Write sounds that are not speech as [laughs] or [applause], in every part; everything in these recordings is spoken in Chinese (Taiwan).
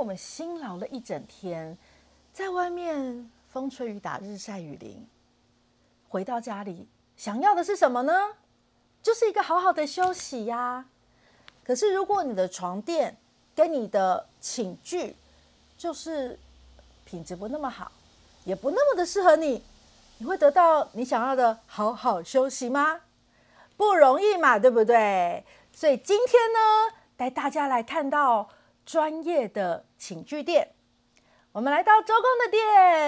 我們辛勞了一整天，在外面風吹雨打、日曬雨淋，回到家裡，想要的是什麼呢？就是一個好好的休息呀。可是如果你的床墊跟你的寢具就是品質不那麼好，也不那麼的適合你，你會得到你想要的好好休息嗎？不容易嘛，對不對？所以今天呢，帶大家來看到。專業的寢具店，我們來到周公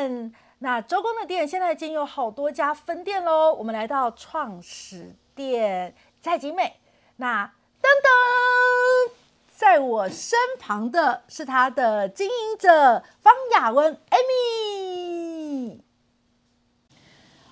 的墊。那周公的墊現在已經有好多家分店嘍。我們來到創始店在景美。那噔噔，在我身旁的是他的經營者方雅雯 Amy。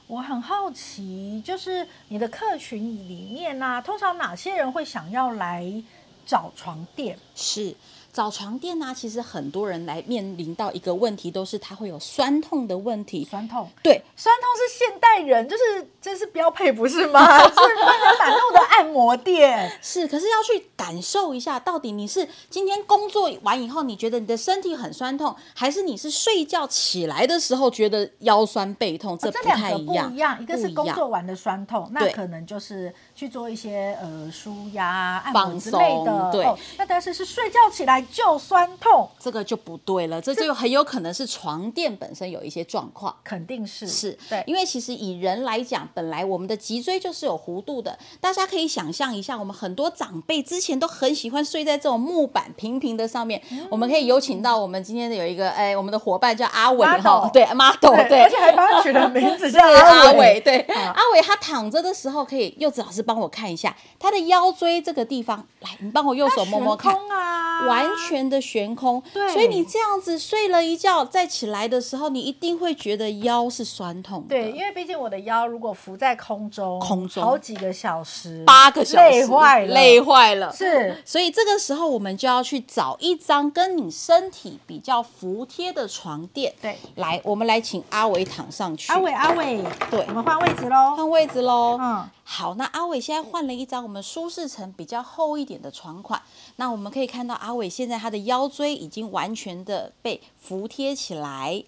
我很好奇，就是你的客群裡面呢、啊，通常哪些人會想要來找床墊？是。找床墊啊，其實很多人來面臨到一個問題，都是他會有酸痛的問題。酸痛，對，酸痛是現代人，就是這是標配，不是嗎？所以不能買那的按摩墊。是，可是要去感受一下，到底你是今天工作完以後，你覺得你的身體很酸痛，還是你是睡覺起來的時候覺得腰酸背痛？這，太、哦、這兩個不一，不一樣，一個是工作完的酸痛，那可能就是去做一些呃舒壓按摩之類的，對、哦。那但是是睡覺起來。就酸痛，這個就不對了，這就很有可能是床墊本身有一些狀況。肯定是是，對，因為其實以人來講，本來我們的脊椎就是有弧度的，大家可以想象一下，我們很多長輩之前都很喜歡睡在這種木板平平的上面。嗯、我們可以有請到我們今天的有一個，哎，我們的伙伴叫阿偉哈，對，阿斗，對，而且還幫他取了名字叫阿偉， [laughs] 阿偉對、嗯啊，阿偉他躺着的時候，可以柚子老師幫我看一下、嗯、他的腰椎這個地方，來，你幫我右手摸摸看空啊，完。完全的懸空，對，所以你這樣子睡了一覺，再起來的時候，你一定會覺得腰是痠痛的。對，因為畢竟我的腰如果浮在空中，空中好幾個小時，八個小時，累壞了，累壞了。是，所以這個時候我們就要去找一張跟你身體比較服帖的床墊。對，來，我們來請阿偉躺上去。阿偉，阿偉，對，我們換位置嘍，換位置嘍。嗯。好，那阿偉現在換了一張我們舒適層比較厚一點的床款，那我們可以看到阿偉現在他的腰椎已經完全的被服貼起來，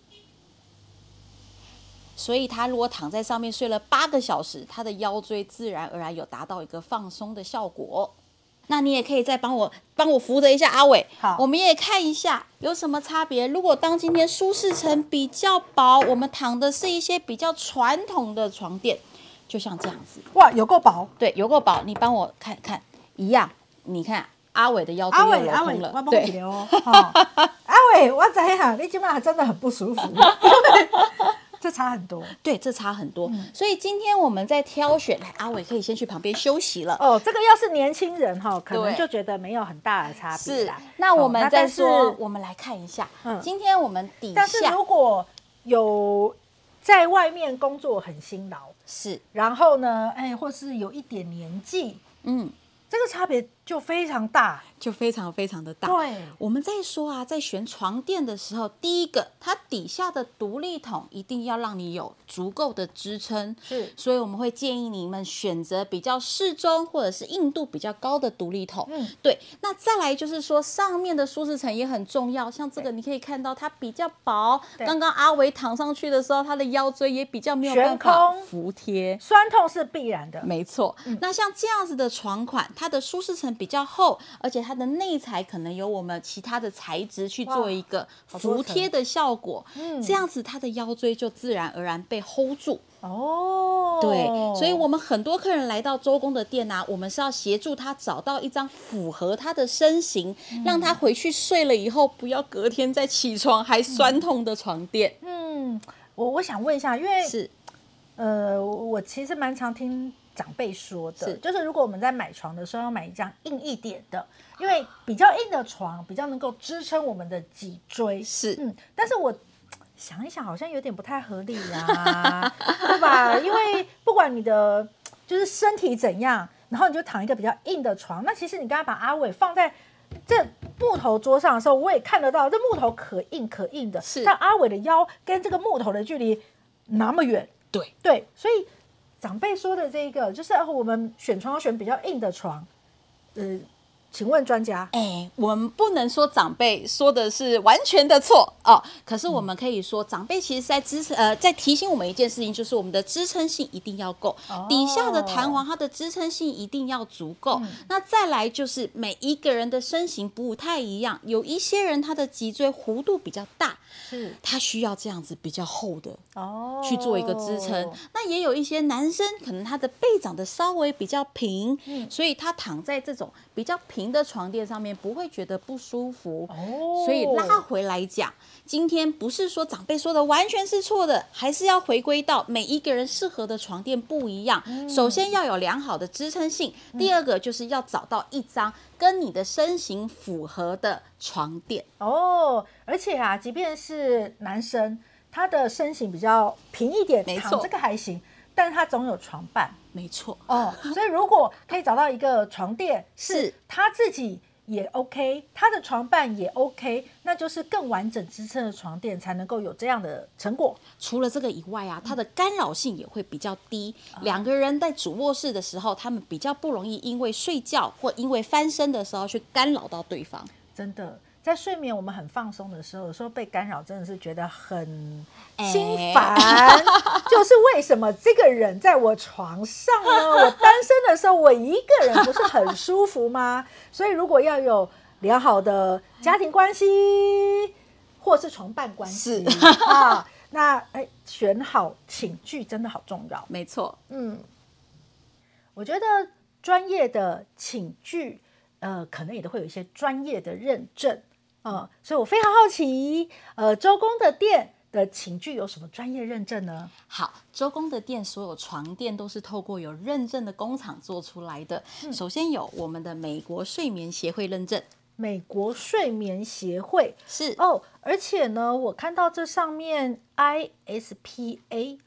所以他如果躺在上面睡了八個小時，他的腰椎自然而然有達到一個放鬆的效果。那你也可以再幫我幫我扶着一下阿偉，好，我們也看一下有什麼差別。如果當今天舒適層比較薄，我們躺的是一些比較傳統的床墊。就像這樣子，哇，有夠薄，對，有夠薄。你幫我看看，一樣，你看阿偉的腰都痛了，阿偉也痛了，對哦。阿偉，我仔呀，你今晚真的很不舒服， [laughs] 這差很多，對，這差很多。嗯、所以今天我們在挑選，來阿偉可以先去旁邊休息了。哦，這個要是年輕人哈，可能就覺得沒有很大的差別。是啊，那我們再說，嗯、我們來看一下、嗯，今天我們底下，但是如果有在外面工作很辛勞。是，然後呢，哎，或是有一點年紀，嗯，這個差別就非常大，就非常非常的大。對，我們在說啊，在選床墊的時候，第一個，它底下的獨立筒一定要讓你有足夠的支撐。是，所以我們會建議你們選擇比較適中或者是硬度比較高的獨立筒。嗯，對。那再來就是說，上面的舒適層也很重要。像這個，你可以看到它比較薄。剛剛阿維躺上去的時候，他的腰椎也比較沒有辦法服貼，酸痛是必然的。沒錯。嗯。那像這樣子的床款，它的舒適層。比較厚，而且它的內材可能有我們其他的材質去做一個服帖的效果，這樣子它的腰椎就自然而然被 hold 住。哦，對，所以我們很多客人來到周公的墊啊，我們是要協助他找到一張符合他的身形，嗯，讓他回去睡了以後，不要隔天再起床還酸痛的床墊。嗯，我我想問一下，因為是，呃，我其實蠻常聽。長輩說的，就是如果我們在買床的時候要買一張硬一點的，因為比較硬的床比較能夠支撐我們的脊椎。是，嗯，但是我想一想，好像有點不太合理呀， [laughs] 對吧？因為不管你的就是身體怎樣，然後你就躺一個比較硬的床，那其實你剛剛把阿偉放在這木頭桌上的時候，我也看得到這木頭可硬可硬的，是，但阿偉的腰跟這個木頭的距離那麼遠，對對，所以。長輩說的這一個，就是我們選床要選比較硬的床，呃、嗯。請問專家，哎、欸，我們不能說長輩說的是完全的錯哦，可是我們可以說，嗯、長輩其實在支撐，呃，在提醒我們一件事情，就是我們的支撐性一定要夠、哦，底下的彈簧它的支撐性一定要足夠、哦。那再來就是每一個人的身形不太一樣，有一些人他的脊椎弧度比較大，是，他需要這樣子比較厚的哦去做一個支撐、哦。那也有一些男生可能他的背長得稍微比較平、嗯，所以他躺在這種比較平，您的床墊上面不會覺得不舒服哦，所以拉回來講，今天不是說長輩說的完全是錯的，還是要回歸到每一個人適合的床墊不一樣。首先要有良好的支撐性，第二個就是要找到一張跟你的身形符合的床墊哦。而且啊，即便是男生，他的身形比較平一點，沒錯，這個還行。但是他總有床伴，沒錯哦。所以如果可以找到一個床墊是他自己也 OK，他的床伴也 OK，那就是更完整支撐的床墊才能夠有這樣的成果。除了這個以外啊，他的干擾性也會比較低。嗯，兩個人在主臥室的時候，他們比較不容易因為睡覺或因為翻身的時候去干擾到對方。真的。在睡眠，我們很放鬆的時候，有時候被干擾，真的是覺得很心煩，欸，就是為什麼這個人在我床上呢？我單身的時候，我一個人不是很舒服嗎？所以，如果要有良好的家庭關係，欸，或是床伴關係啊，那哎，欸，選好寢具真的好重要。沒錯，嗯，我覺得專業的寢具，呃，可能也都會有一些專業的認證。嗯、哦，所以我非常好奇，呃，周公的墊的寢具有什麼專業認證呢？好，周公的墊所有床墊都是透過有認證的工廠做出來的、嗯。首先有我們的美國睡眠協會認證，美國睡眠協會是哦，而且呢，我看到這上面 ISPA，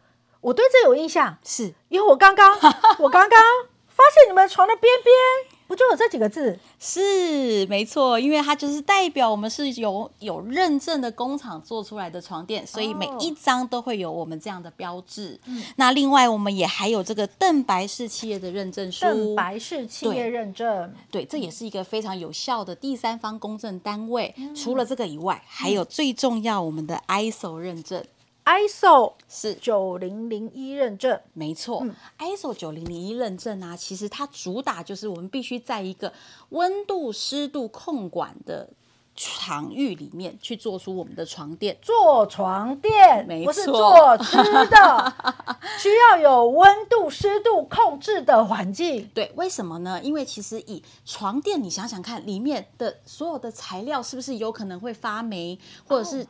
我對這有印象，是因為我剛剛 [laughs] 我剛剛發現你們床的邊邊。不就有這幾個字？是沒錯，因為它就是代表我們是有有認證的工廠做出來的床墊，所以每一張都會有我們這樣的標誌、哦。那另外，我們也還有這個鄧白氏企業的認證書，鄧白氏企業認證對，對，這也是一個非常有效的第三方公證單位、嗯。除了這個以外，還有最重要我們的 ISO 認證。ISO 9001是九零零一認證，沒錯、嗯。ISO 九零零一認證呢、啊，其實它主打就是我們必須在一個溫度濕度控管的場域裡面去做出我們的床墊。做床墊，沒錯，不是做吃的， [laughs] 需要有溫度濕度控制的環境。對，為什麼呢？因為其實以床墊，你想想看，裡面的所有的材料是不是有可能會發霉，oh. 或者是？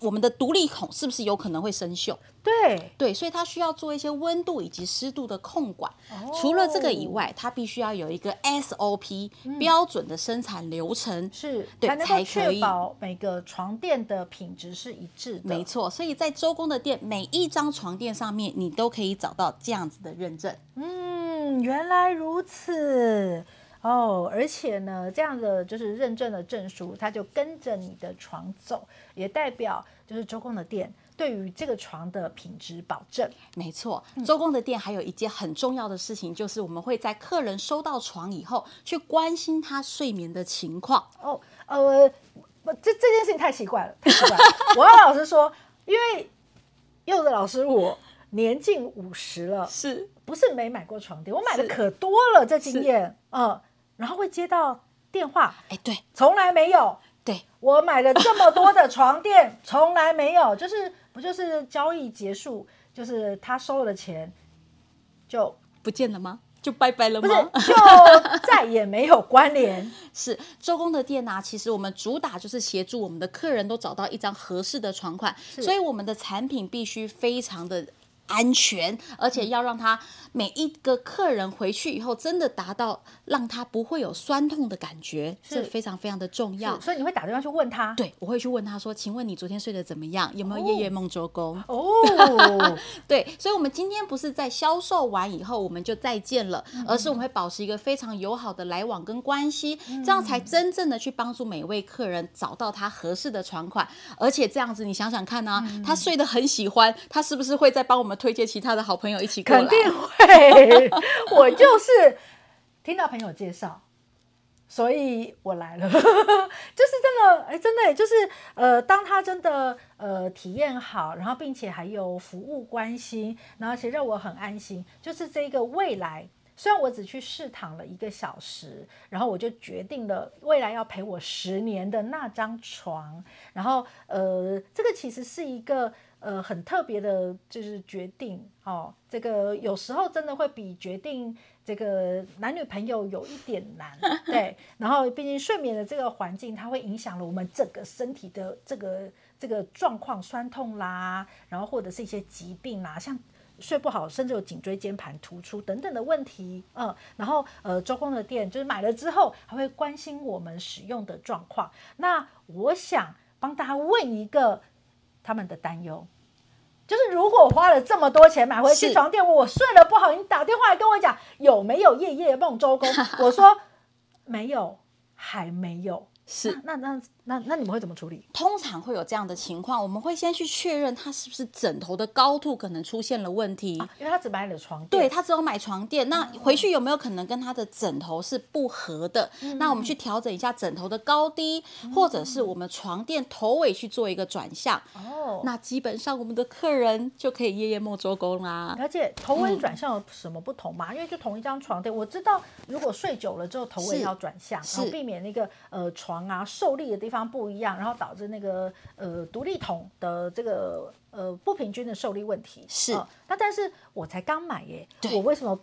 我們的獨立孔是不是有可能會生銹？對對，所以它需要做一些溫度以及濕度的控管。哦、除了這個以外，它必須要有一個 SOP、嗯、標準的生產流程，是對，才確保每個床墊的品質是一致的。沒錯，所以在周公的墊，每一張床墊上面你都可以找到這樣子的認證。嗯，原來如此。哦，而且呢，這樣的就是認證的證書，它就跟着你的床走，也代表就是周公的墊對於這個床的品質保證。沒錯，周公的墊還有一件很重要的事情，嗯、就是我們會在客人收到床以後去關心他睡眠的情況。哦，呃，這這件事情太奇怪了，太奇怪了。 [laughs] 我老師說，因為柚子老師我 [laughs] 年近五十了，是不是沒買過床墊？我買的可多了，這經驗嗯。然後會接到電話，哎，對，從來沒有。對，我買了這麼多的床墊， [laughs] 從來沒有，就是不就是交易結束，就是他收了錢就不見了嗎？就拜拜了嗎？不是，就再也沒有關聯。 [laughs] 是周公的店啊，其實我們主打就是協助我們的客人都找到一張合適的床款，所以我們的產品必須非常的。安全，而且要讓他每一個客人回去以後真的達到，讓他不會有酸痛的感覺，是這非常非常的重要。所以你會打電話去問他，對，我會去問他說：“請問你昨天睡得怎麼樣？有沒有夜夜夢周公？”哦、oh. oh.， [laughs] 對。所以，我們今天不是在銷售完以後我們就再見了，oh. 而是我們會保持一個非常友好的來往跟關係，oh. 這樣才真正的去幫助每一位客人找到他合適的床款。Oh. 而且這樣子，你想想看呢、啊，oh. 他睡得很喜歡，他是不是會再幫我們？推薦其他的好朋友一起看，肯定會。 [laughs] 我就是聽到朋友介紹，所以我來了。 [laughs] 就是真的，哎，真的就是呃，當他真的呃體驗好，然後並且還有服務關心，然後且讓我很安心。就是這個未來，雖然我只去試躺了一個小時，然後我就決定了未來要陪我十年的那張床。然後呃，這個其實是一個。呃，很特別的，就是決定哦，這個有時候真的會比決定這個男女朋友有一點難，對。然後，畢竟睡眠的這個環境，它會影響了我們整個身體的這個這個狀況、酸痛啦、啊，然後或者是一些疾病啦、啊，像睡不好，甚至有頸椎間盤突出等等的問題。嗯，然後呃，周公的墊就是買了之後，還會關心我們使用的狀況。那我想幫大家問一個他們的擔憂。就是如果我花了這麼多錢買回去床墊，我睡得不好，你打電話來跟我講有沒有夜夜夢周公？ [laughs] 我說沒有，還沒有。是那那那那，那你們會怎麼處理？通常會有這樣的情況，我們會先去確認他是不是枕頭的高度可能出現了問題，啊、因為他只買了床墊，對他只有買床墊，嗯。那回去有沒有可能跟他的枕頭是不合的？嗯，那我們去調整一下枕頭的高低，嗯，或者是我們床墊頭尾去做一個轉向。哦，嗯，那基本上我們的客人就可以夜夜夢周公啦。而且頭尾轉向有什麼不同嗎？嗯，因為就同一張床墊，我知道如果睡久了之後頭尾要轉向是是，然後避免那個呃床。啊，受力的地方不一樣，然後導致那個呃獨立筒的這個呃不平均的受力問題。是，那、呃、但是我才剛買耶，我為什麼？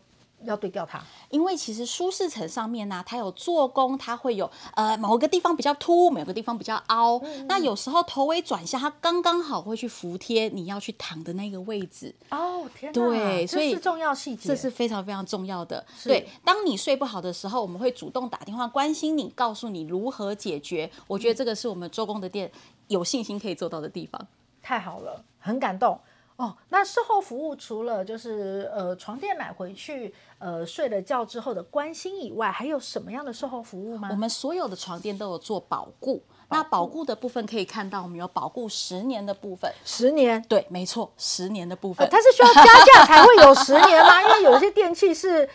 要對調它，因為其實舒適層上面呢、啊，它有做工，它會有呃某個地方比較凸，某個地方比較凹。嗯、那有時候頭尾轉向，它剛剛好會去服帖你要去躺的那個位置。哦，天哪、啊！對，所以這是重要細節，這是非常非常重要的。對，當你睡不好的時候，我們會主動打電話關心你，告訴你如何解決。我覺得這個是我們周公的墊有信心可以做到的地方。嗯、太好了，很感動。哦，那售後服務除了就是呃床墊買回去呃睡了覺之後的關心以外，還有什麼樣的售後服務嗎？我們所有的床墊都有做保固，保固，那保固的部分可以看到，我們有保固十年的部分，十年，對，沒錯，十年的部分，呃，它是需要加價才會有十年嗎？ [laughs] 因為有些電器是。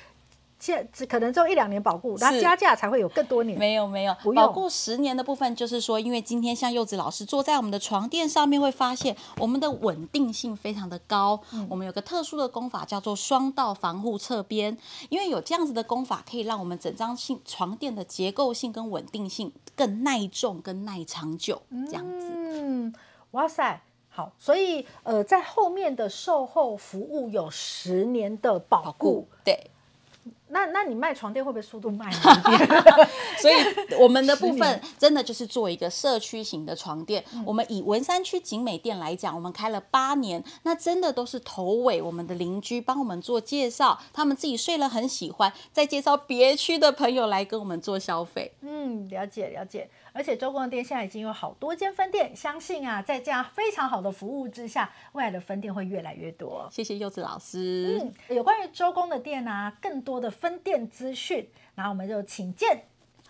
現只可能只有一兩年保固，然後加價才會有更多年。沒有沒有，沒有保固十年的部分就是說，因為今天像柚子老師坐在我們的床墊上面，會發現我們的穩定性非常的高、嗯。我們有個特殊的工法叫做雙道防護側邊，因為有這樣子的工法，可以讓我們整張性床墊的結構性跟穩定性更耐重、跟耐長久。這樣子，嗯、哇塞，好，所以呃，在後面的售後服務有十年的保固，對。那那你賣床墊會不會速度慢一點？ [laughs] [laughs] [laughs] [laughs] 所以我們的部分真的就是做一個社區型的床墊。 [laughs] 我們以文山區景美店來講，我們開了八年，那真的都是頭尾我們的鄰居幫我們做介紹，他們自己睡了很喜歡，再介紹別區的朋友來跟我們做消費。嗯，了解了解。而且周公的墊現在已經有好多間分店，相信啊，在這樣非常好的服務之下，未來的分店會越來越多。謝謝柚子老師。嗯，有關於周公的墊啊，更多的分店資訊，那我們就請見。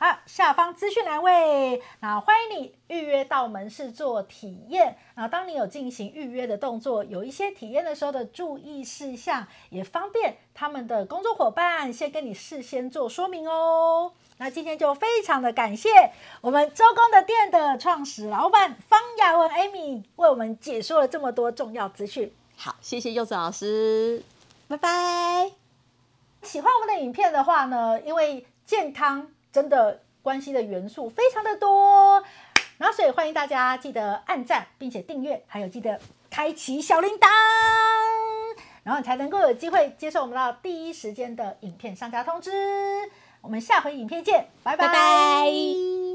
好，下方資訊欄位，那歡迎你預約到門市做體驗。然後，當你有進行預約的動作，有一些體驗的時候的注意事項，也方便他們的工作伙伴先跟你事先做說明哦。那今天就非常的感謝我們周公的墊的創始老板方雅雯 Amy 為我們解說了這麼多重要資訊。好，謝謝柚子老師，拜拜。喜歡我們的影片，的話呢，因為健康。真的關係的元素非常的多，然後所以歡迎大家記得按讚，並且訂閱，還有記得開啟小鈴鐺，然後你才能夠有機會接受我們的第一時間的影片上架通知。我們下回影片見，拜拜，拜。